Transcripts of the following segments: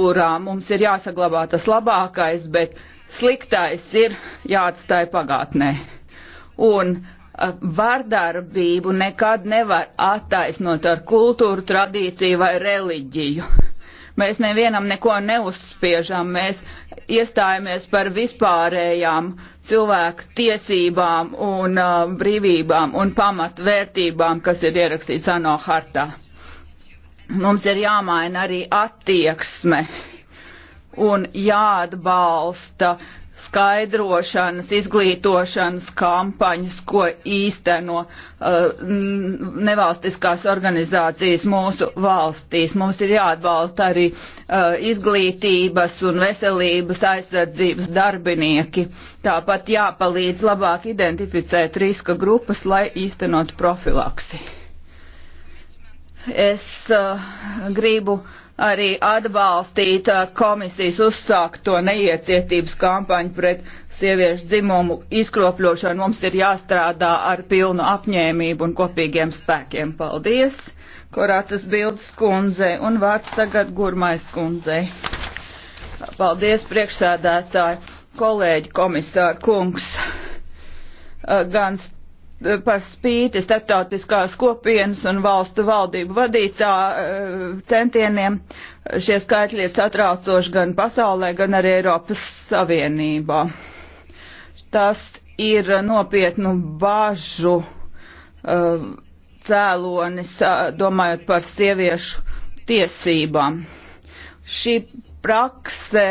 kurā mums ir jāsaglabā tas labākais, bet sliktais ir jāatstāja pagātnē. Un uh, vardarbību nekad nevar attaisnot ar kultūru, tradīciju vai reliģiju. Mēs nevienam neko neuzspiežam, mēs iestājamies par vispārējām cilvēku tiesībām un uh, brīvībām un pamatvērtībām, kas ir ierakstīts ANO hartā mums ir jāmaina arī attieksme un jāatbalsta skaidrošanas, izglītošanas kampaņas, ko īsteno uh, nevalstiskās organizācijas mūsu valstīs. Mums ir jāatbalsta arī uh, izglītības un veselības aizsardzības darbinieki. Tāpat jāpalīdz labāk identificēt riska grupas, lai īstenot profilaksi. Es uh, gribu arī atbalstīt uh, komisijas uzsākto neiecietības kampaņu pret sieviešu dzimumu izkropļošanu. Mums ir jāstrādā ar pilnu apņēmību un kopīgiem spēkiem. Paldies, Korācas Bildes kundzei un vārds tagad Gurmais kundzei. Paldies, priekšsēdētāji, kolēģi, komisāri kungs. Uh, gan par spīti starptautiskās kopienas un valstu valdību vadītā eh, centieniem šie skaitļi ir satraucoši gan pasaulē, gan arī Eiropas Savienībā. Tas ir nopietnu bāžu uh, eh, cēlonis, eh, domājot par sieviešu tiesībām. Šī prakse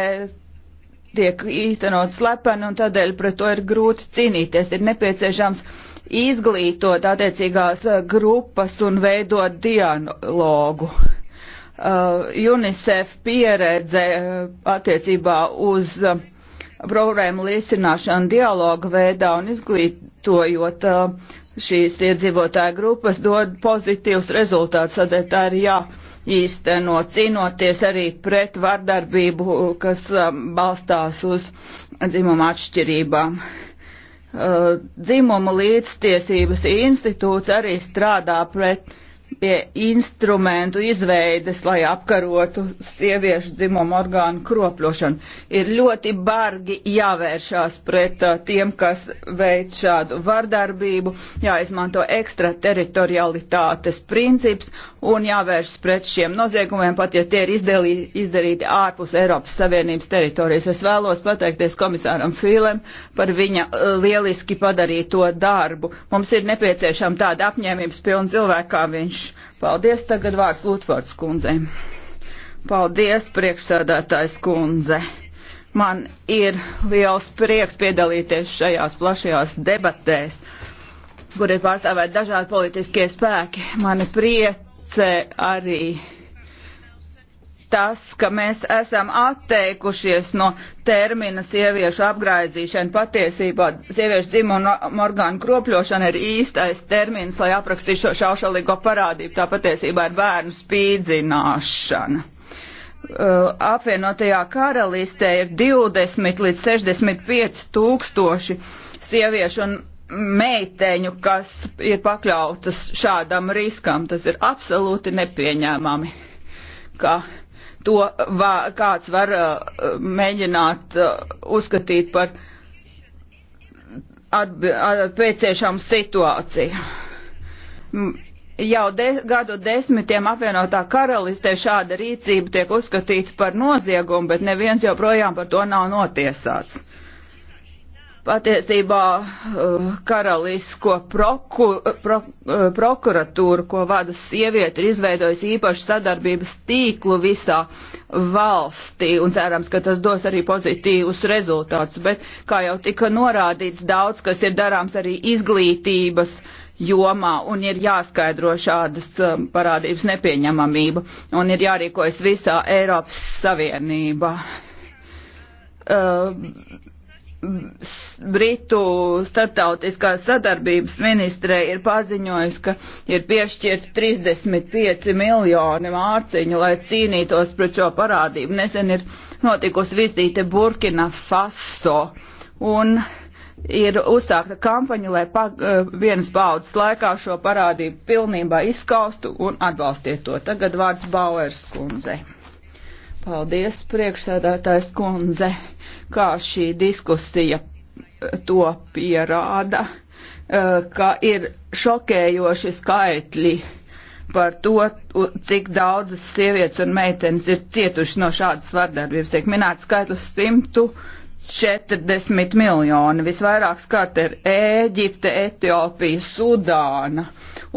tiek īstenot slepeni un tādēļ pret to ir grūti cīnīties. Ir nepieciešams uh, izglītot attiecīgās eh, grupas un veidot dialogu. Uh, UNICEF pieredze eh, attiecībā uz uh, problēmu risināšanu dialoga veidā un izglītojot uh, šīs iedzīvotāju grupas dod pozitīvs rezultāts, tādēļ tā ir jāīsteno cīnoties arī pret vardarbību, kas balstās uz dzimuma atšķirībām. Uh, dzimumu līdztiesības institūts arī strādā pret pie instrumentu izveides, lai apkarotu sieviešu dzimumu orgānu kropļošanu. Ir ļoti bargi jāvēršās pret uh, tiem, kas veic šādu vardarbību, jāizmanto ekstrateritorialitātes princips un jāvēršas pret šiem noziegumiem, pat ja tie ir izdelī, izdarīti ārpus Eiropas Savienības teritorijas. Es vēlos pateikties komisāram Fīlem par viņa uh, lieliski padarīto darbu. Mums ir nepieciešama tāda apņēmības pilna cilvēka, kā viņš Paldies, tagad vārds Lutvards kundzei. Paldies, priekšsēdētājs kundze. Man ir liels prieks piedalīties šajās plašajās debatēs, kur ir pārstāvēt dažādi politiskie spēki. Mani priece arī tas, ka mēs esam atteikušies no termina sieviešu apgraizīšana. Patiesībā sieviešu dzimumu orgānu kropļošana ir īstais termins, lai aprakstītu šo šaušalīgo parādību. Tā patiesībā ir bērnu spīdzināšana. Uh, apvienotajā karalistē ir 20 līdz 65 tūkstoši sieviešu un meiteņu, kas ir pakļautas šādam riskam. Tas ir absolūti nepieņēmami, ka to va, kāds var uh, mēģināt uh, uzskatīt par uh, pēciešamu situāciju. Jau de, gadu desmitiem apvienotā karalistē šāda rīcība tiek uzskatīta par noziegumu, bet neviens joprojām par to nav notiesāts patiesībā eh, karalisko proku, eh, pro, eh, prokuratūru, ko vada sieviete, ir izveidojusi īpašu sadarbības tīklu visā valstī un cerams, ka tas dos arī pozitīvus rezultātus. Bet, kā jau tika norādīts, daudz kas ir darāms arī izglītības jomā un ir jāskaidro šādas parādības nepieņemamība un ir jārīkojas visā Eiropas Savienībā. Uh, Britu starptautiskās sadarbības ministrē ir paziņojis, ka ir piešķirt 35 miljoni mārciņu, lai cīnītos pret šo parādību. Nesen ir notikusi vizīte Burkina Faso un ir uzsākta kampaņa, lai pa, eh, vienas baudas laikā šo parādību pilnībā izskaustu un atbalstiet to. Tagad vārds Bauers kundzei. Paldies, priekšsēdētājs kundze, kā šī diskusija to pierāda, eh, ka ir šokējoši skaitļi par to, cik daudzas sievietes un meitenes ir cietuši no šādas vardarbības. Tiek minēts skaitlis 140 miljoni. Visvairāk skart ir Ēģipte, Etiopija, Sudāna.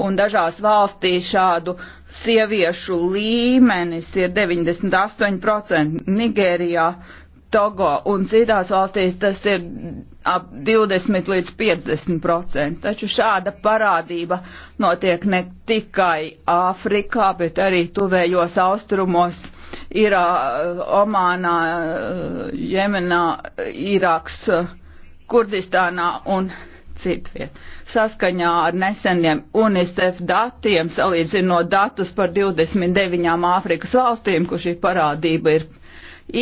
Un dažās valstīs šādu uh, sieviešu līmenis ir 98%, Nigērijā, Togo un citās valstīs tas ir ap 20 līdz 50%. Taču šāda parādība notiek ne tikai Āfrikā, bet arī tuvējos austrumos. Ir Omānā, Jemenā, Irāks, Kurdistānā un citviet. Saskaņā ar neseniem UNICEF datiem, salīdzinot datus par 29 Āfrikas valstīm, kur šī parādība ir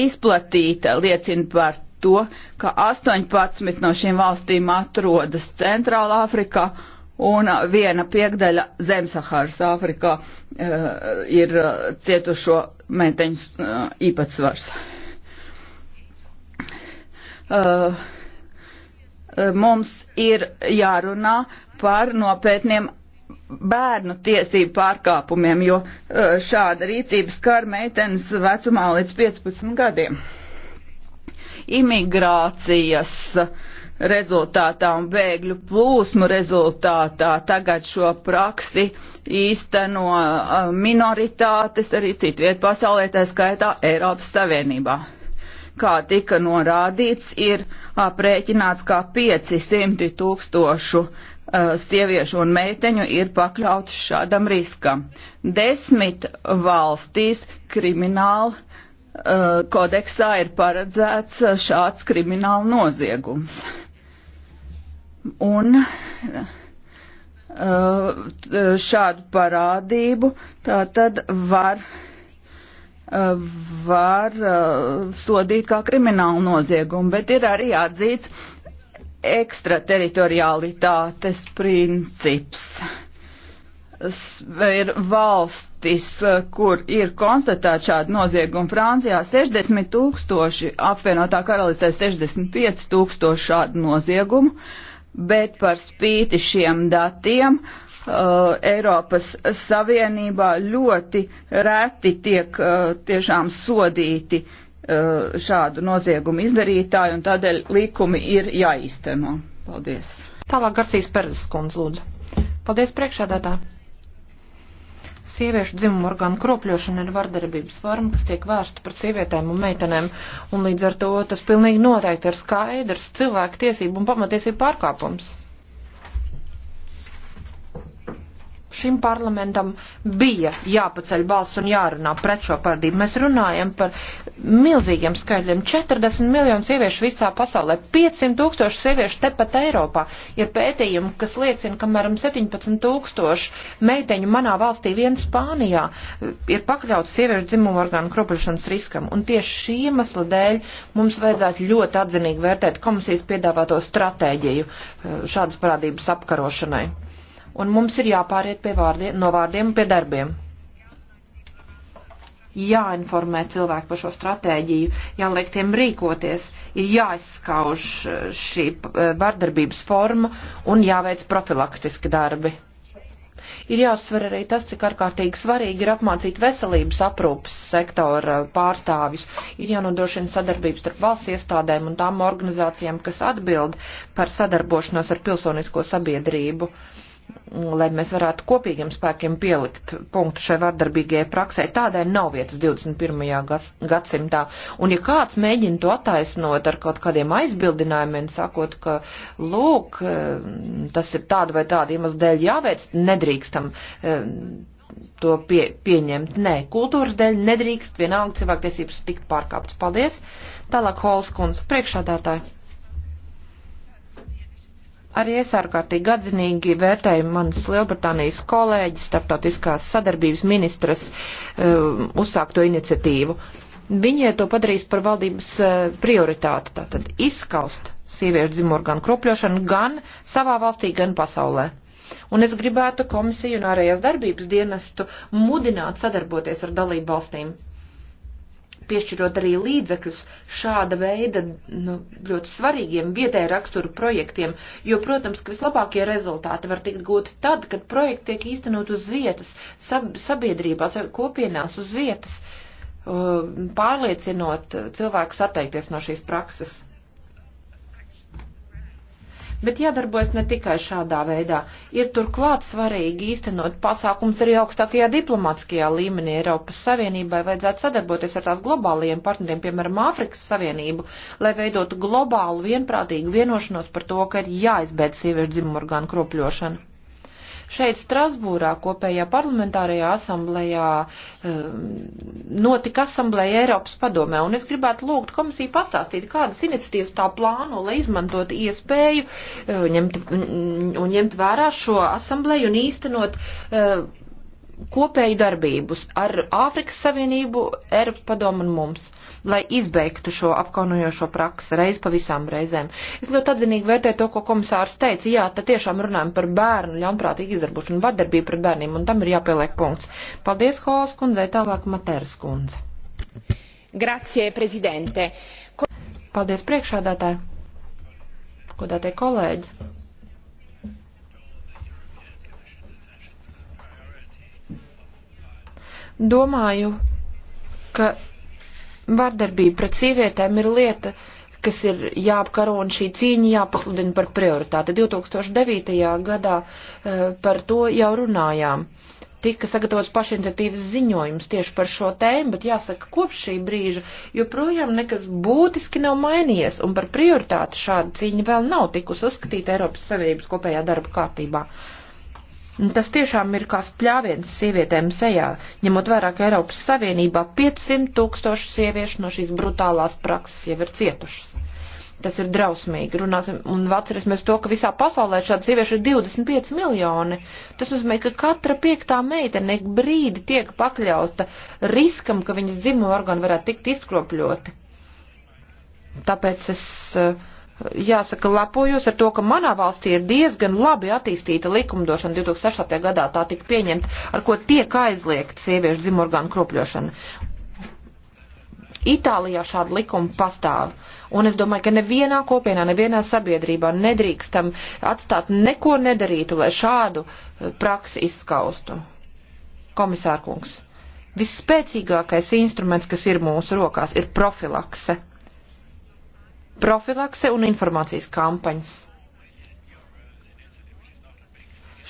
izplatīta, liecina par to, ka 18 no šīm valstīm atrodas Centrāla Āfrikā un viena piekdaļa Zemsaharas Āfrikā e, ir eh, cietušo meiteņu e, īpatsvars. Uh, e, Eh, mums ir jārunā par nopietniem bērnu tiesību pārkāpumiem, jo eh, šāda rīcība skar meitenes vecumā līdz 15 gadiem. Imigrācijas rezultātā un bēgļu plūsmu rezultātā tagad šo praksi īsteno eh, minoritātes arī citviet pasaulē, tā skaitā Eiropas Savienībā. Kā tika norādīts, ir uh, aprēķināts, ka 500 tūkstošu uh, sieviešu un meiteņu ir pakļauts šādam riskam. Desmit valstīs krimināla uh, kodeksā ir paredzēts šāds krimināla noziegums. Un uh, šādu parādību tā tad var uh, var uh, sodīt kā kriminālu noziegumu, bet ir arī atzīts ekstrateritorialitātes princips. Ir valstis, uh, kur ir konstatēta šāda nozieguma. Francijā 60 tūkstoši, apvienotā karalistē 65 tūkstoši šādu noziegumu, bet par spīti šiem datiem uh, Uh, Eiropas Savienībā ļoti reti tiek uh, tiešām sodīti uh, šādu noziegumu izdarītāji, un tādēļ likumi ir jāīsteno. Paldies. Tālāk Garcijas Perzes kundze lūdzu. Paldies priekšādātā. Sieviešu dzimumu orgānu kropļošana ir vardarbības forma, kas tiek vērsta pret sievietēm un meitenēm, un līdz ar to tas pilnīgi noteikti ir skaidrs cilvēku tiesību un pamatiesību pārkāpums. šim parlamentam bija jāpaceļ balss un jārunā pret šo pārdību. Mēs runājam par milzīgiem skaidriem. 40 miljonu sieviešu visā pasaulē, 500 tūkstoši sieviešu tepat Eiropā. Ir pētījumi, kas liecina, ka apmēram 17 tūkstoši meiteņu manā valstī vien Spānijā ir pakļauts sieviešu dzimumu orgānu kropļošanas riskam. Un tieši šī iemesla dēļ mums vajadzētu ļoti atzinīgi vērtēt komisijas piedāvāto stratēģiju eh, šādas parādības apkarošanai un mums ir jāpāriet pie vārdiem, no vārdiem pie darbiem. Jāinformē cilvēki par šo stratēģiju, jāliek tiem rīkoties, ir jāizskauž eh, šī eh, vardarbības forma un jāveic profilaktiski darbi. Ir jāuzsver arī tas, cik ārkārtīgi svarīgi ir apmācīt veselības aprūpas sektora pārstāvjus. Ir jānodrošina sadarbības starp valsts iestādēm un tām organizācijām, kas atbild par sadarbošanos ar pilsonisko sabiedrību. Uh, lai mēs varētu kopīgiem spēkiem pielikt punktu šai vardarbīgajai praksē. Tādai nav vietas 21. gadsimtā. Un ja kāds mēģina to attaisnot ar kaut kādiem aizbildinājumiem, sakot, ka, lūk, eh, tas ir tāda vai tāda iemesla dēļ jāveic, nedrīkstam eh, to pie, pieņemt. Nē, kultūras dēļ nedrīkst vienalga cilvēktiesības tikt pārkāptas. Paldies. Tālāk Holskundze, priekšādātāji. Arī es ārkārtīgi atzinīgi vērtēju manas Lielbritānijas kolēģis, starptautiskās sadarbības ministras uh, uzsākto iniciatīvu. Viņie to padarīs par valdības uh, prioritāti, tātad izskaust sieviešu dzimorganu kropļošanu gan savā valstī, gan pasaulē. Un es gribētu komisiju un ārējās darbības dienestu mudināt sadarboties ar dalību valstīm piešķirot arī līdzekļus šāda veida nu, ļoti svarīgiem vietēja rakstura projektiem, jo, protams, ka vislabākie rezultāti var tikt gūti tad, kad projekti tiek īstenot uz vietas, sab sabiedrībās, kopienās uz vietas, uh, pārliecinot cilvēkus atteikties no šīs prakses. Bet jādarbojas ne tikai šādā veidā. Ir turklāt svarīgi īstenot pasākums arī augstākajā diplomātskajā līmenī Eiropas Savienībai. Vajadzētu sadarboties ar tās globālajiem partneriem, piemēram, Āfrikas Savienību, lai veidotu globālu vienprātīgu vienošanos par to, ka ir jāizbeidz sieviešu dzimumu orgānu kropļošana. Šeit Strasbūrā kopējā parlamentārajā asamblējā ehm, notika asamblēja Eiropas padomē, un es gribētu lūgt komisiju pastāstīt, kādas iniciatīvas tā plāno, lai izmantot iespēju eh, ņemt, un ņemt vērā šo asamblēju un īstenot eh, kopēju darbību ar Āfrikas Savienību, Eiropas padomu un mums, lai izbeigtu šo apkaunojošo praksi reiz pa visām reizēm. Es ļoti atzinīgi vērtēju to, ko komisārs teica. Jā, tad tiešām runājam par bērnu ļaunprātīgu izdarbušanu, vardarbību pret bērniem, un tam ir jāpieliek punkts. Paldies, Holas kundzei, tālāk Materas kundze. Grazie, prezidente. Ko... Paldies, priekšādātāji. Kodātie kolēģi. Domāju, ka vardarbība pret sievietēm ir lieta, kas ir jāapkaro un šī cīņa jāpasludina par prioritāti. 2009. gadā eh, par to jau runājām. Tika sagatavots pašiniciatīvas ziņojums tieši par šo tēmu, bet jāsaka, kopš šī brīža joprojām nekas būtiski nav mainījies, un par prioritāti šāda cīņa vēl nav tikus uzskatīta Eiropas Savienības kopējā darba kārtībā. Tas tiešām ir kā spļāviens sievietēm sejā, ņemot vairāk Eiropas Savienībā 500 tūkstošu sieviešu no šīs brutālās prakses jau ir cietušas. Tas ir drausmīgi. Runāsim un atcerēsimies to, ka visā pasaulē šāda sievieša ir 25 miljoni. Tas nozīmē, ka katra piektā meitene brīdi tiek pakļauta riskam, ka viņas dzimuma orgāni varētu tikt izkropļoti. Tāpēc es uh, jāsaka, lepojos ar to, ka manā valstī ir diezgan labi attīstīta likumdošana. 2008. gadā tā tika pieņemta, ar ko tiek aizliegta sieviešu dzimorgānu kropļošana. Itālijā šāda likuma pastāv. Un es domāju, ka nevienā kopienā, nevienā sabiedrībā nedrīkstam atstāt neko nedarītu, lai šādu eh, praksi izskaustu. Komisārkungs, visspēcīgākais instruments, kas ir mūsu rokās, ir profilakse profilakse un informācijas kampaņas.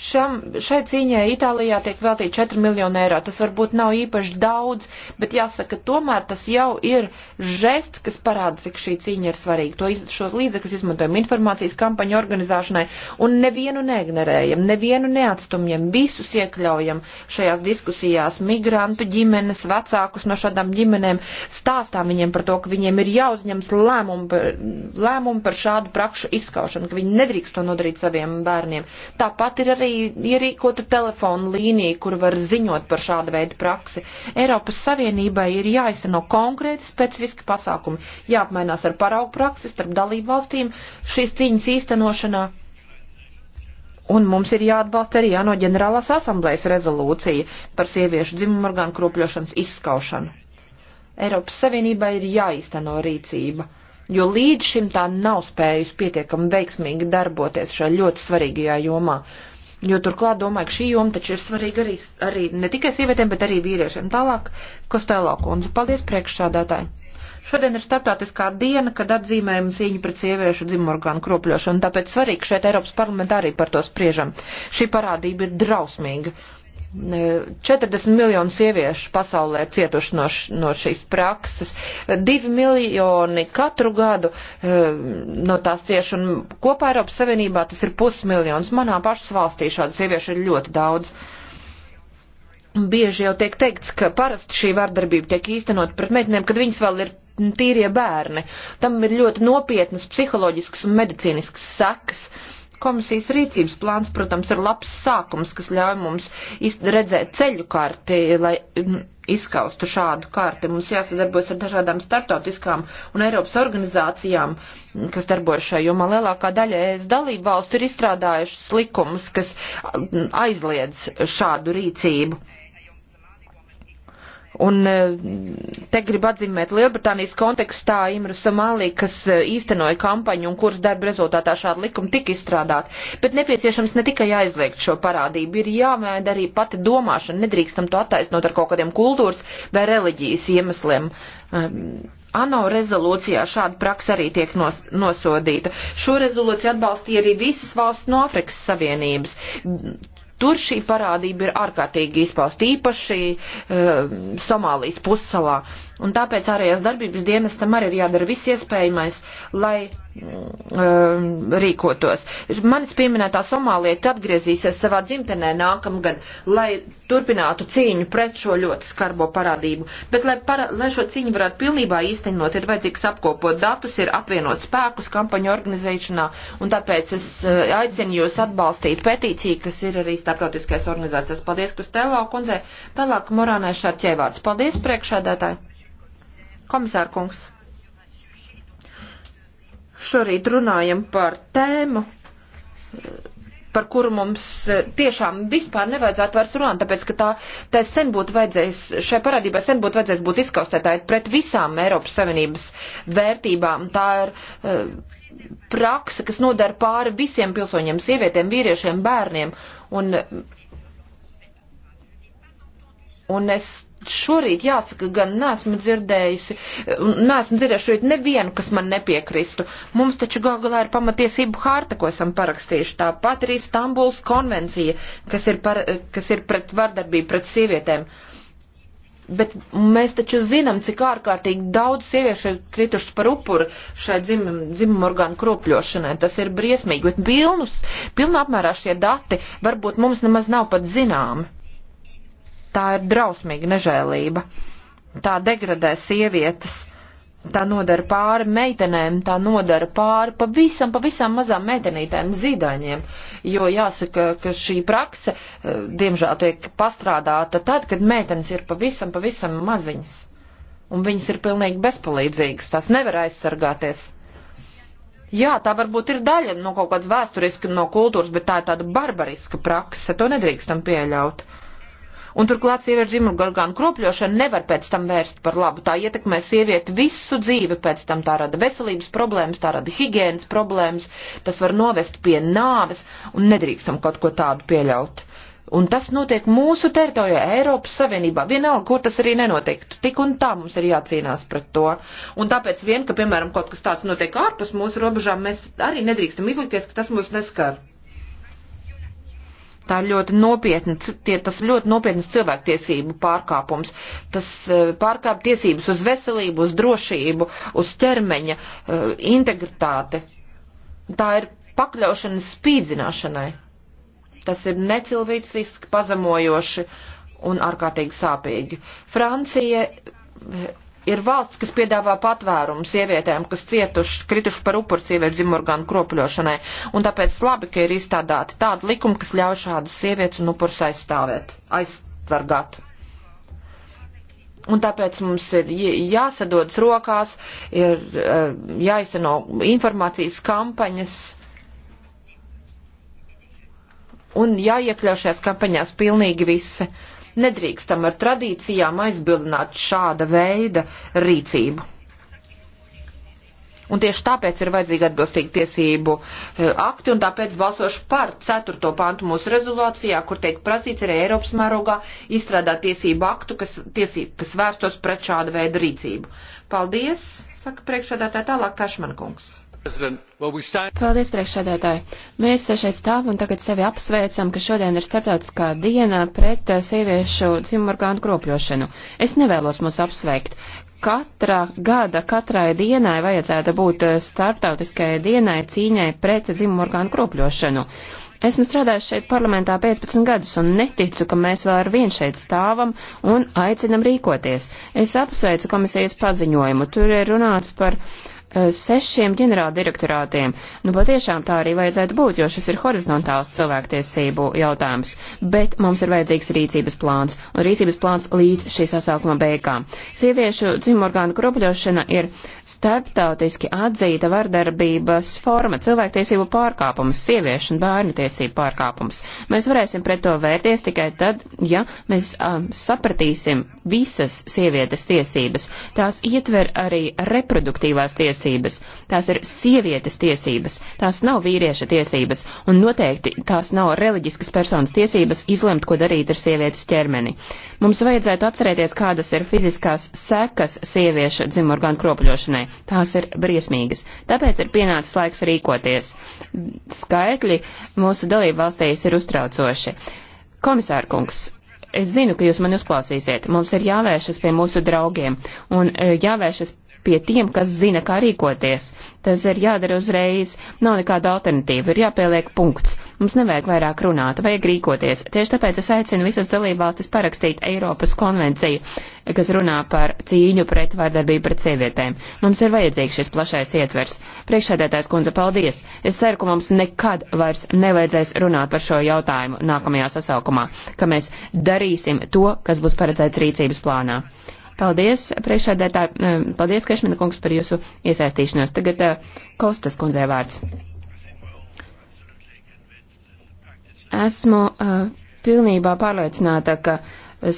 Šam, šai cīņai Itālijā tiek veltīti 4 miljoni eiro. Tas varbūt nav īpaši daudz, bet jāsaka, tomēr tas jau ir žests, kas parāda, cik šī cīņa ir svarīga. To iz, šos līdzekļus izmantojam informācijas kampaņu organizēšanai un nevienu neignerējam, nevienu neatstumjam, visus iekļaujam šajās diskusijās, migrantu ģimenes, vecākus no šādām ģimenēm, stāstām viņiem par to, ka viņiem ir jāuzņems lēmumu par, lēmumu par šādu prakšu izskaušanu, ka viņi nedrīkst to nodarīt saviem bērniem. Tāpat ir arī arī ierīkota telefonu līnija, kur var ziņot par šādu veidu praksi. Eiropas Savienībai ir jāizsano konkrēti specifiski pasākumi, jāapmainās ar paraugu praksi starp dalību valstīm šīs cīņas īstenošanā. Un mums ir jāatbalsta arī jāno ģenerālās asamblējas rezolūcija par sieviešu dzimumu orgānu kropļošanas izskaušanu. Eiropas Savienībai ir jāīsteno rīcība jo līdz šim tā nav spējusi pietiekami veiksmīgi darboties šajā ļoti svarīgajā jomā. Jo turklāt domāju, ka šī joma taču ir svarīga arī, arī ne tikai sievietēm, bet arī vīriešiem. Tālāk, Kostēlā kundze, paldies priekšsādātāji. Šodien ir starptautiskā diena, kad atzīmējam cīņu pret sieviešu dzimorgānu kropļošanu, tāpēc svarīgi šeit Eiropas parlamentā arī par to spriežam. Šī parādība ir drausmīga 40 miljonu sieviešu pasaulē cietuši no, š, no šīs prakses, 2 miljoni katru gadu e, no tās cieši, un kopā Eiropas Savienībā tas ir pusmiljons. Manā pašas valstī šādu sieviešu ir ļoti daudz. Bieži jau tiek teikts, ka parasti šī vardarbība tiek īstenot pret meitenēm, kad viņas vēl ir tīrie bērni. Tam ir ļoti nopietnas psiholoģiskas un medicīniskas sekas. Uh, Komisijas rīcības plāns, protams, ir labs sākums, kas ļauj mums redzēt ceļu karti, lai mm, izskaustu šādu karti. Mums jāsadarbojas ar dažādām startautiskām un Eiropas organizācijām, kas darbojas šajā jomā. Lielākā daļa ES dalību valstu ir izstrādājušas likumus, kas mm, aizliedz šādu rīcību Un e, te grib atzīmēt Lielbritānijas kontekstā Imru Somālī, kas e, īstenoja kampaņu un kuras darba rezultātā šāda likuma tika izstrādāta. Bet nepieciešams ne tikai aizliegt šo parādību, ir jāmēd arī pati domāšana. Nedrīkstam to attaisnot ar kaut kādiem kultūras vai reliģijas iemesliem. E, ANO rezolūcijā šāda praksa arī tiek nos, nosodīta. Šo rezolūciju atbalstīja arī visas valsts no Afrikas Savienības. Tur šī parādība ir ārkārtīgi izpaust īpaši uh, Somālijas pussalā. Un tāpēc ārējās darbības dienestam arī ir jādara viss iespējamais, lai Um, rīkotos. Manis pieminētā Somālieta atgriezīsies savā dzimtenē nākamgad, lai turpinātu cīņu pret šo ļoti skarbo parādību. Bet, lai, para, lai šo cīņu varētu pilnībā īstenot, ir vajadzīgs apkopot datus, ir apvienot spēkus kampaņu organizēšanā, un tāpēc es uh, aicinu jūs atbalstīt petīciju, kas ir arī starptautiskais organizācijas. Paldies, Kustēlā kundzei. Tālāk Morānai Šarķēvārds. Paldies, priekšādētāji. Komisār kungs. Šorīt runājam par tēmu, par kuru mums e, tiešām vispār nevajadzētu vairs runāt, tāpēc, ka tā, tā sen būtu vajadzējis, šai parādībai sen būtu vajadzējis būt izkaustētāji pret visām Eiropas Savienības vērtībām. Tā ir uh, praksa, kas nodara pāri visiem pilsoņiem, sievietēm, vīriešiem, bērniem. Un, un es šorīt, jāsaka, gan neesmu dzirdējusi, neesmu dzirdējusi šorīt nevienu, kas man nepiekristu. Mums taču gal galā ir pamatiesību hārta, ko esam parakstījuši. Tāpat arī Stambuls konvencija, kas ir, par, kas ir pret vardarbību pret sievietēm. Bet mēs taču zinām, cik ārkārtīgi daudz sieviešu ir kritušas par upuru šai dzimum, dzimum orgānu kropļošanai. Tas ir briesmīgi, bet pilnus, pilnā apmērā šie dati varbūt mums nemaz nav pat zināmi. Tā ir drausmīga nežēlība. Tā degradē sievietes. Tā nodara pāri meitenēm, tā nodara pāri pavisam, pavisam mazām meitenītēm, zidaņiem, jo jāsaka, ka šī prakse, eh, diemžēl, tiek pastrādāta tad, kad meitenes ir pavisam, pavisam maziņas, un viņas ir pilnīgi bezpalīdzīgas, tās nevar aizsargāties. Jā, tā varbūt ir daļa no kaut kādas vēsturiska, no kultūras, bet tā ir tāda barbariska prakse, to nedrīkstam pieļaut. Uh, Un turklāt sieviešu dzimumu orgānu kropļošana nevar pēc tam vērst par labu. Tā ietekmē sievieti visu dzīvi, pēc tam tā rada veselības problēmas, tā rada higienas problēmas, tas var novest pie nāves un nedrīkstam kaut ko tādu pieļaut. Un tas notiek mūsu teritorijā, Eiropas Savienībā. Vienalga, kur tas arī nenotiektu. Tik un tā mums ir jācīnās pret to. Un tāpēc vien, ka, piemēram, kaut kas tāds notiek ārpus mūsu robežām, mēs arī nedrīkstam izlikties, ka tas mūs neskar. Tā ir ļoti nopietna, tie, tas ļoti nopietnas cilvēktiesību pārkāpums. Tas eh, pārkāp tiesības uz veselību, uz drošību, uz ķermeņa eh, integritāti. Tā ir pakļaušana spīdzināšanai. Tas ir necilvēciski, pazemojoši un ārkārtīgi sāpīgi. Francija eh, ir valsts, kas piedāvā patvērumu sievietēm, kas cietuši, krituši par upuru sieviešu dzimurgānu kropļošanai, un tāpēc labi, ka ir izstādāti tādi likumi, kas ļauj šādas sievietes un upurs aizstāvēt, aizsargāt. Un tāpēc mums ir jāsadodas rokās, ir eh, jāizsano informācijas kampaņas un jāiekļaušās kampaņās pilnīgi visi Nedrīkstam ar tradīcijām aizbildināt šāda veida rīcību. Un tieši tāpēc ir vajadzīgi atbilstīgi tiesību e, akti, un tāpēc balsošu par 4. pantu mūsu rezolācijā, kur tiek prasīts arī Eiropas mērogā izstrādāt tiesību aktu, kas, tiesību, kas vērstos pret šādu veidu rīcību. Paldies, saka priekšādātāja tālāk Kašmankungs. Paldies, priekšsēdētāji. Mēs šeit stāvam un tagad sevi apsveicam, ka šodien ir starptautiskā diena pret eh, sieviešu dzimumorgānu kropļošanu. Es nevēlos mūs apsveikt katra gada, katrai dienai vajadzētu būt eh, starptautiskajai dienai cīņai pret zimumorgānu kropļošanu. Esmu strādājis šeit parlamentā 15 gadus un neticu, ka mēs vēl ar vienu šeit stāvam un aicinam rīkoties. Es apsveicu komisijas paziņojumu. Tur ir runāts par uh, Eh, sešiem ģenerāldirektorātiem. Nu, patiešām tā arī vajadzētu būt, jo šis ir horizontāls cilvēktiesību jautājums. Bet mums ir vajadzīgs rīcības plāns, un rīcības plāns līdz šī sasaukuma beigām. Sieviešu dzimorgānu kropļošana ir starptautiski atzīta vardarbības forma, cilvēktiesību pārkāpums, sieviešu un bērnu tiesību pārkāpums. Mēs varēsim pret to vērties tikai tad, ja mēs um, sapratīsim visas sievietes tiesības. Tās ietver arī reproduktīvās tiesības tiesības, tās ir sievietes tiesības, tās nav vīrieša tiesības, un noteikti tās nav reliģiskas personas tiesības izlemt, ko darīt ar sievietes ķermeni. Mums vajadzētu atcerēties, kādas ir fiziskās sekas sieviešu dzimorgānu kropļošanai. Tās ir briesmīgas. Tāpēc ir pienācis laiks rīkoties. Skaitļi mūsu dalību valstīs ir uztraucoši. Komisārkungs, es zinu, ka jūs mani uzklausīsiet. Mums ir jāvēršas pie mūsu draugiem un e, jāvēršas pie tiem, kas zina, kā rīkoties. Tas ir jādara uzreiz, nav nekāda alternatīva, ir jāpieliek punkts. Mums nevajag vairāk runāt, vajag rīkoties. Tieši tāpēc es aicinu visas dalībvalstis parakstīt Eiropas konvenciju, kas runā par cīņu pret vārdarbību pret sievietēm. Mums ir vajadzīgs šis plašais ietvers. Priekšsēdētājs kundze, paldies! Es ceru, ka mums nekad vairs nevajadzēs runāt par šo jautājumu nākamajā sasaukumā, ka mēs darīsim to, kas būs paredzēts rīcības plānā. Paldies, priekšsēdētāji, paldies, Kešmina kungs, par jūsu iesaistīšanos. Tagad eh, Kostas kundzē vārds. Esmu uh, pilnībā pārliecināta, ka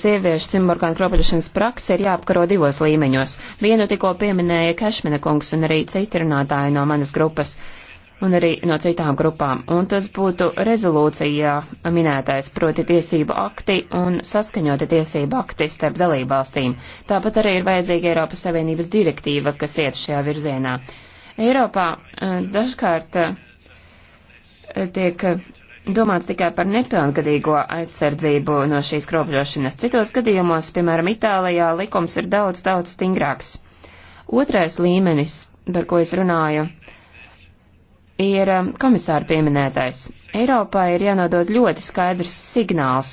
sieviešu cimborgānu kropaļošanas praksa ir jāapkaro divos līmeņos. Vienu tikko pieminēja Kešmina kungs un arī citi runātāji no manas grupas. Uh, un arī no citām grupām, un tas būtu rezolūcijā minētais, proti tiesību akti un saskaņoti tiesību akti starp dalībvalstīm. Tāpat arī ir vajadzīga Eiropas Savienības direktīva, kas iet šajā virzienā. Eiropā eh, dažkārt eh, tiek eh, domāts tikai par nepilngadīgo aizsardzību no šīs kropļošanas. Citos gadījumos, piemēram, Itālijā likums ir daudz, daudz stingrāks. Otrais līmenis, par ko es runāju, ir um, komisāra pieminētais. Eiropā ir jānodod ļoti skaidrs signāls.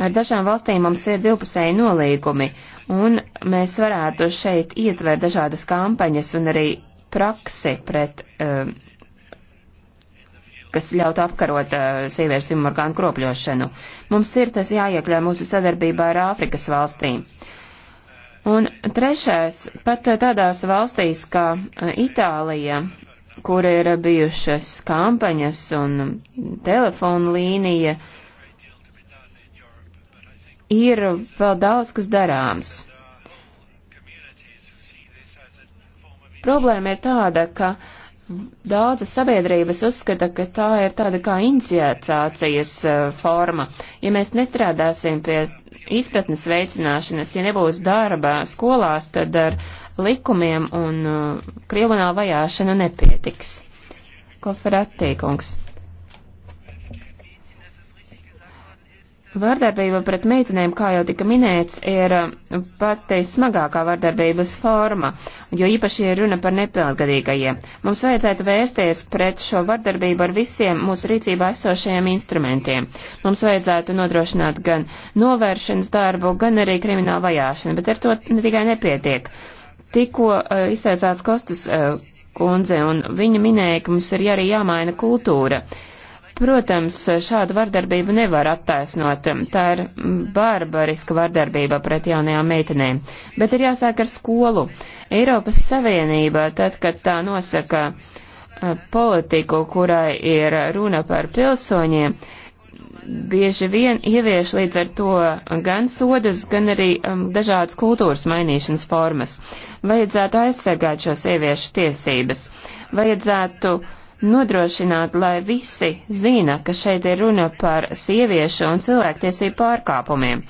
Ar dažām valstīm mums ir divpusēji nolīgumi, un mēs varētu šeit ietvērt dažādas kampaņas un arī praksi pret, um, kas ļautu apkarot uh, sieviešu dzimumu orgānu kropļošanu. Mums ir tas jāiekļauj mūsu sadarbībā ar Āfrikas valstīm. Un trešais, pat tādās valstīs kā uh, Itālija, kur ir bijušas kampaņas un telefonu līnija, ir vēl daudz kas darāms. Problēma ir tāda, ka daudzas sabiedrības uzskata, ka tā ir tāda kā iniciācijas eh, forma. Ja mēs nestrādāsim pie izpratnes veicināšanas, ja nebūs darba skolās, tad ar likumiem un uh, krievunā vajāšanu nepietiks. Koferatī, kungs. Vardarbība pret meitenēm, kā jau tika minēts, ir um, pati smagākā vardarbības forma, jo īpaši ir runa par nepilngadīgajiem. Mums vajadzētu vērsties pret šo vardarbību ar visiem mūsu rīcībā esošajiem instrumentiem. Mums vajadzētu nodrošināt gan novēršanas darbu, gan arī kriminālu vajāšanu, bet ar to ne tikai nepietiek. Tikko uh, izteicās Kostas uh, kundze, un viņa minēja, ka mums ir arī jāmaina kultūra. Uh, Protams, šādu vardarbību nevar attaisnot. Tā ir barbariska vardarbība pret jaunajām meitenēm. Bet ir jāsāk ar skolu. Eiropas Savienība, tad, kad tā nosaka politiku, kurai ir runa par pilsoņiem, bieži vien ievieš līdz ar to gan sodus, gan arī um, dažādas kultūras mainīšanas formas. Vajadzētu aizsargāt šo sieviešu tiesības. Vajadzētu uh, nodrošināt, lai visi zina, ka šeit ir runa par sieviešu un cilvēktiesību pārkāpumiem.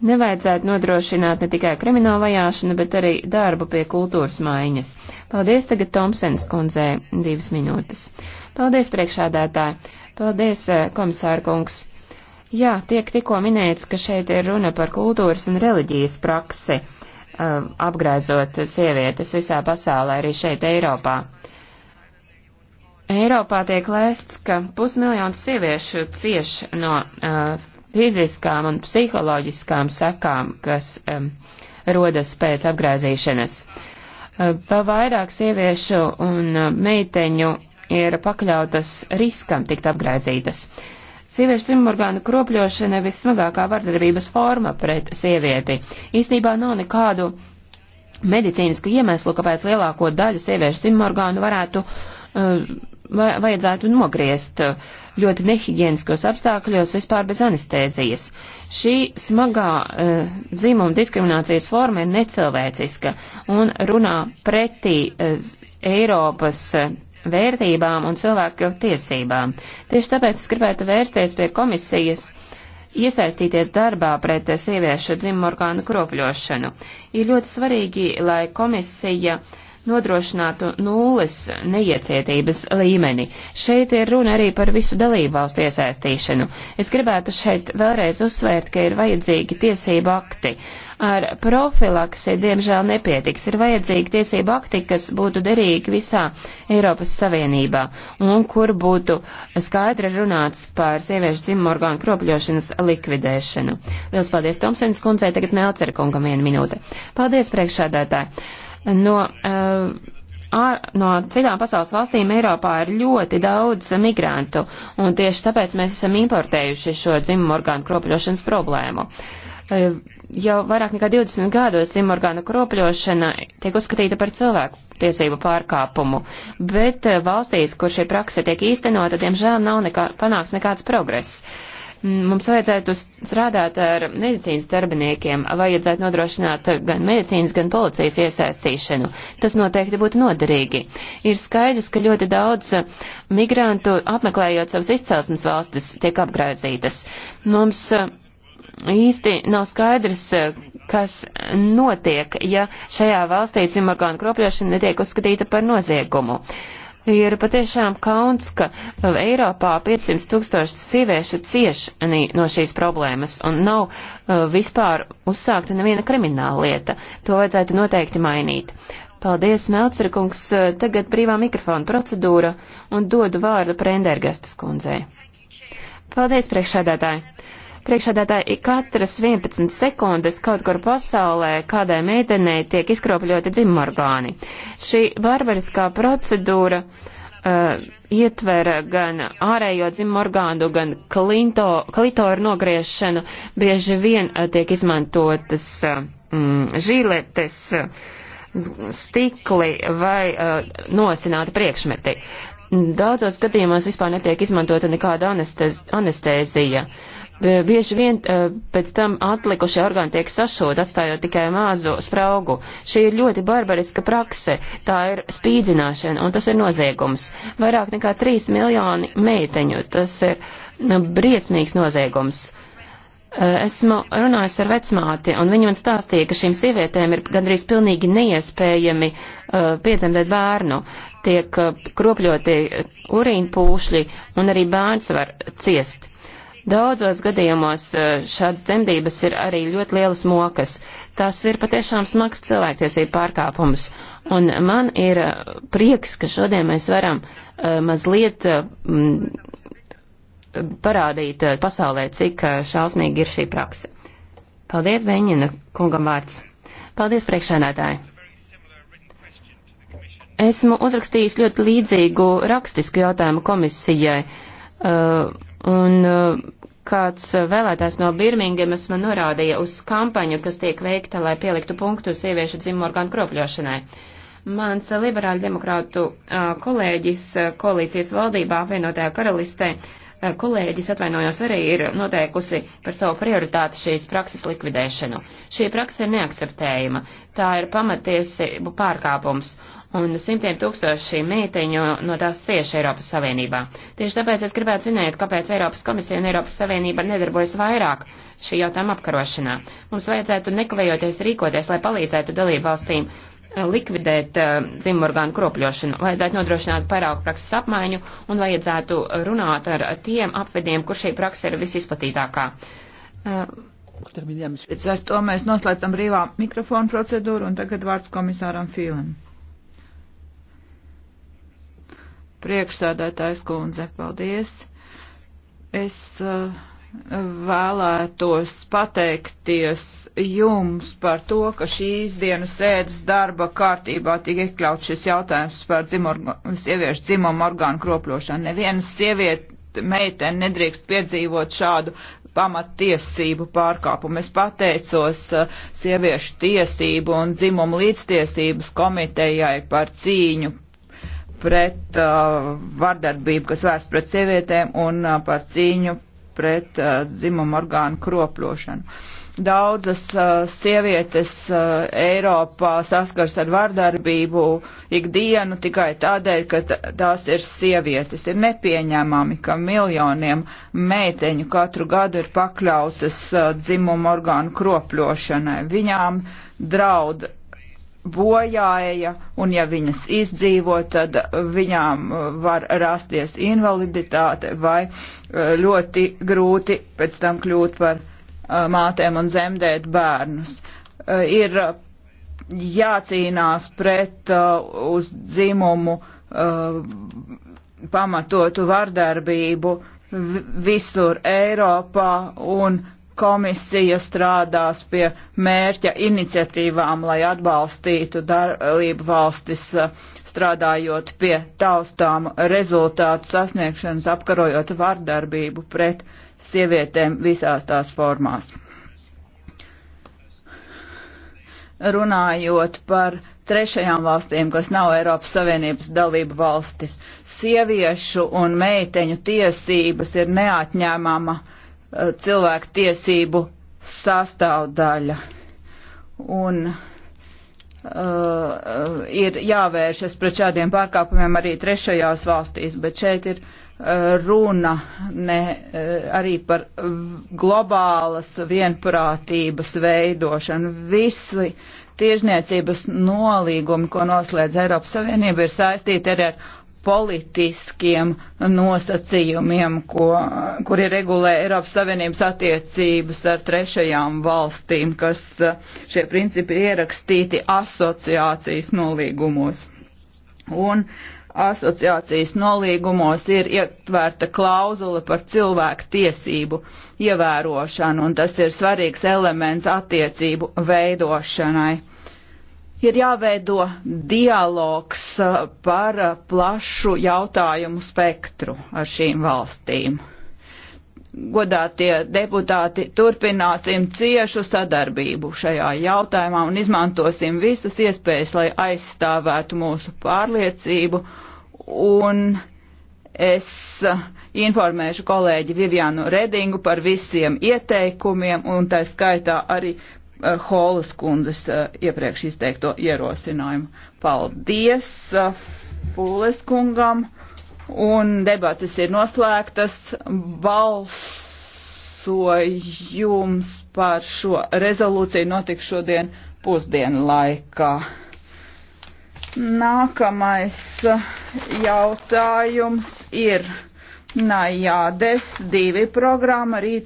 Nevajadzētu nodrošināt ne tikai kriminālu vajāšanu, bet arī darbu pie kultūras maiņas. Paldies tagad Tomsens kundzē divas minūtes. Paldies priekšādātāji. Paldies eh, komisārkungs. Jā, tiek tikko minēts, ka šeit ir runa par kultūras un reliģijas praksi, eh, apgrēzot sievietes visā pasaulē, arī šeit Eiropā. Eiropā tiek lēsts, ka pusmiljons sieviešu cieš no uh, fiziskām un psiholoģiskām sekām, kas um, rodas pēc apgrāzīšanas. Uh, vēl vairāk sieviešu un uh, meiteņu ir pakļautas riskam tikt apgrāzītas. Sieviešu dzimumorgānu kropļošana ir vissmagākā vardarbības forma pret sievieti. Īstībā nav nekādu medicīnisku iemeslu, kāpēc lielāko daļu sieviešu dzimumorgānu varētu uh, Eh, vajadzētu nogriezt ļoti nehigieniskos apstākļos vispār bez anestēzijas. Šī smagā uh, dzimuma diskriminācijas forma ir necilvēciska un runā pretī uh, Eiropas uh, vērtībām un cilvēku tiesībām. Tieši tāpēc es gribētu vērsties pie komisijas iesaistīties darbā pret sieviešu dzimumu orgānu kropļošanu. Ir ļoti svarīgi, lai komisija uh, nodrošinātu nulles neiecietības līmeni. Šeit ir runa arī par visu dalību valstu iesaistīšanu. Es gribētu šeit vēlreiz uzsvērt, ka ir vajadzīgi tiesību akti. Ar profilaksi, diemžēl, nepietiks. Ir vajadzīgi tiesību akti, kas būtu derīgi visā Eiropas Savienībā un kur būtu skaidri runāts par sieviešu dzimumu orgānu kropļošanas likvidēšanu. Lielas paldies Tomsenis kundzei, tagad Melcer kungam viena minūte. Paldies priekšādātāji no, eh, ār, no citām pasaules valstīm Eiropā ir ļoti daudz migrantu, un tieši tāpēc mēs esam importējuši šo dzimumu orgānu kropļošanas problēmu. Eh, jau vairāk nekā 20 gados dzimumu orgānu kropļošana tiek uzskatīta par cilvēku tiesību pārkāpumu, bet eh, valstīs, kur šī praksa tiek īstenota, diemžēl nav nekā, panāks nekāds progress. Uh, Mm, mums vajadzētu strādāt ar medicīnas darbiniekiem, vajadzētu nodrošināt gan medicīnas, gan policijas iesaistīšanu. Tas noteikti būtu noderīgi. Ir skaidrs, ka ļoti daudz migrantu apmeklējot savas izcelsmes valstis tiek apgrāzītas. Mums uh, īsti nav skaidrs, uh, kas notiek, ja šajā valstī cimorgānu kropļošana netiek uzskatīta par noziegumu. Uh, Ir patiešām kauns, ka Eiropā 500 tūkstoši sieviešu cieš no šīs problēmas un nav uh, vispār uzsākta neviena krimināla lieta. To vajadzētu noteikti mainīt. Paldies, Melcerkungs. Uh, tagad brīvā mikrofona procedūra un dodu vārdu Prendergastas kundzei. Paldies, priekšsēdētāji. Priekšādātāji, katras 11 sekundes kaut kur pasaulē kādai meitenei tiek izkropļoti dzimorgāni. Šī barbariskā procedūra uh, ietver gan ārējo dzimorgānu, gan klinto, klitoru nogriešanu, bieži vien uh, tiek izmantotas uh, mm, žiletes. Uh, stikli vai uh, nosināti priekšmeti. Daudzos gadījumos vispār netiek izmantota nekāda anestez, anestēzija. Uh, Bieži vien e, pēc tam atlikušie orgāni tiek sašūti, atstājot tikai mazu spraugu. Šī ir ļoti barbariska prakse, tā ir spīdzināšana, un tas ir noziegums. Vairāk nekā 3 miljoni meiteņu, tas ir nu, briesmīgs noziegums. E, esmu runājis ar vecmāti, un viņa man stāstīja, ka šīm sievietēm ir gandrīz pilnīgi neiespējami uh, piedzemdēt bērnu. Tiek uh, kropļoti urīnpūšļi, un arī bērns var ciest. Daudzos gadījumos e, šādas dzemdības ir arī ļoti lielas mokas. Tas ir patiešām smags cilvēktiesību pārkāpums. Un man ir e, prieks, ka šodien mēs varam e, mazliet parādīt pasaulē, cik šausmīgi ir šī praksa. Paldies, Beņina kungam vārds. Paldies, priekšēnētāji. Esmu uzrakstījis ļoti līdzīgu rakstisku jautājumu komisijai Uh, un uh, kāds vēlētājs no Birmingemas man norādīja uz kampaņu, kas tiek veikta, lai pieliktu punktu sieviešu dzimorgānu kropļošanai. Mans liberāļu demokrātu uh, kolēģis koalīcijas valdībā apvienotajā karalistē kolēģis atvainojos arī ir noteikusi par savu prioritāti šīs prakses likvidēšanu. Šī praksa ir neakceptējama, tā ir pamatiesību pārkāpums, un simtiem tūkstoši meiteņu no tās cieši Eiropas Savienībā. Tieši tāpēc es gribētu zināt, kāpēc Eiropas komisija un Eiropas Savienība nedarbojas vairāk šī jautājuma apkarošanā. Mums vajadzētu nekavējoties rīkoties, lai palīdzētu dalību valstīm eh, likvidēt uh, eh, dzimurgānu kropļošanu, vajadzētu nodrošināt paraugu prakses apmaiņu un vajadzētu runāt ar tiem apvediem, kur šī praksa ir visizplatītākā. Uh, eh, Līdz ar to mēs noslēdzam brīvā mikrofonu procedūru un tagad vārds komisāram Fīlim. priekšsēdētājs kundze, paldies. Es uh, vēlētos pateikties jums par to, ka šīs dienas sēdes darba kārtībā tika iekļauts šis jautājums par dzimorga, sieviešu dzimumu orgānu kropļošanu. Neviena sieviete, meitene nedrīkst piedzīvot šādu pamatiesību pārkāpumu. Es pateicos uh, sieviešu tiesību un dzimumu līdztiesības komitejai par cīņu pret uh, vardarbību, kas vērsts pret sievietēm un uh, par cīņu pret uh, dzimumu orgānu kropļošanu. Daudzas uh, sievietes uh, Eiropā saskars ar vardarbību ikdienu tikai tādēļ, ka tās ir sievietes. Ir nepieņēmami, ka miljoniem meiteņu katru gadu ir pakļautas uh, dzimumu orgānu kropļošanai. Viņām draud bojāja, un ja viņas izdzīvo, tad viņām uh, var rasties invaliditāte vai uh, ļoti grūti pēc tam kļūt par uh, mātēm un zemdēt bērnus. Ir jācīnās pret uz dzimumu pamatotu vardarbību visur Eiropā un komisija strādās pie mērķa iniciatīvām, lai atbalstītu darlību valstis eh, strādājot pie taustām rezultātu sasniegšanas, apkarojot vardarbību pret sievietēm visās tās formās. Runājot par trešajām valstīm, kas nav Eiropas Savienības dalība valstis, sieviešu un meiteņu tiesības ir neatņēmama uh, Eh, cilvēku tiesību sastāvdaļa. Un uh, ir jāvēršas pret šādiem pārkāpumiem arī trešajās valstīs, bet šeit ir uh, runa ne, uh, arī par globālas vienprātības veidošanu. Visi tiežniecības nolīgumi, ko noslēdz Eiropas Savienība, ir saistīti arī ar politiskiem nosacījumiem, ko, kuri regulē Eiropas Savienības attiecības ar trešajām valstīm, kas eh, šie principi ir ierakstīti asociācijas nolīgumos. Un asociācijas nolīgumos ir ietvērta klauzula par cilvēku tiesību ievērošanu, un tas ir svarīgs elements attiecību veidošanai ir jāveido dialogs uh, par uh, plašu jautājumu spektru ar šīm valstīm. Godātie deputāti, turpināsim ciešu sadarbību šajā jautājumā un izmantosim visas iespējas, lai aizstāvētu mūsu pārliecību. Un es uh, informēšu kolēģi Vivianu Redingu par visiem ieteikumiem un tā skaitā arī Eh, Holas kundzes eh, iepriekš izteikto ierosinājumu. Paldies eh, Fūles kungam, un debatas ir noslēgtas. Balsojums par šo rezolūciju notiks šodien pusdienu laikā. Nākamais jautājums ir Najādes divi programma rīt.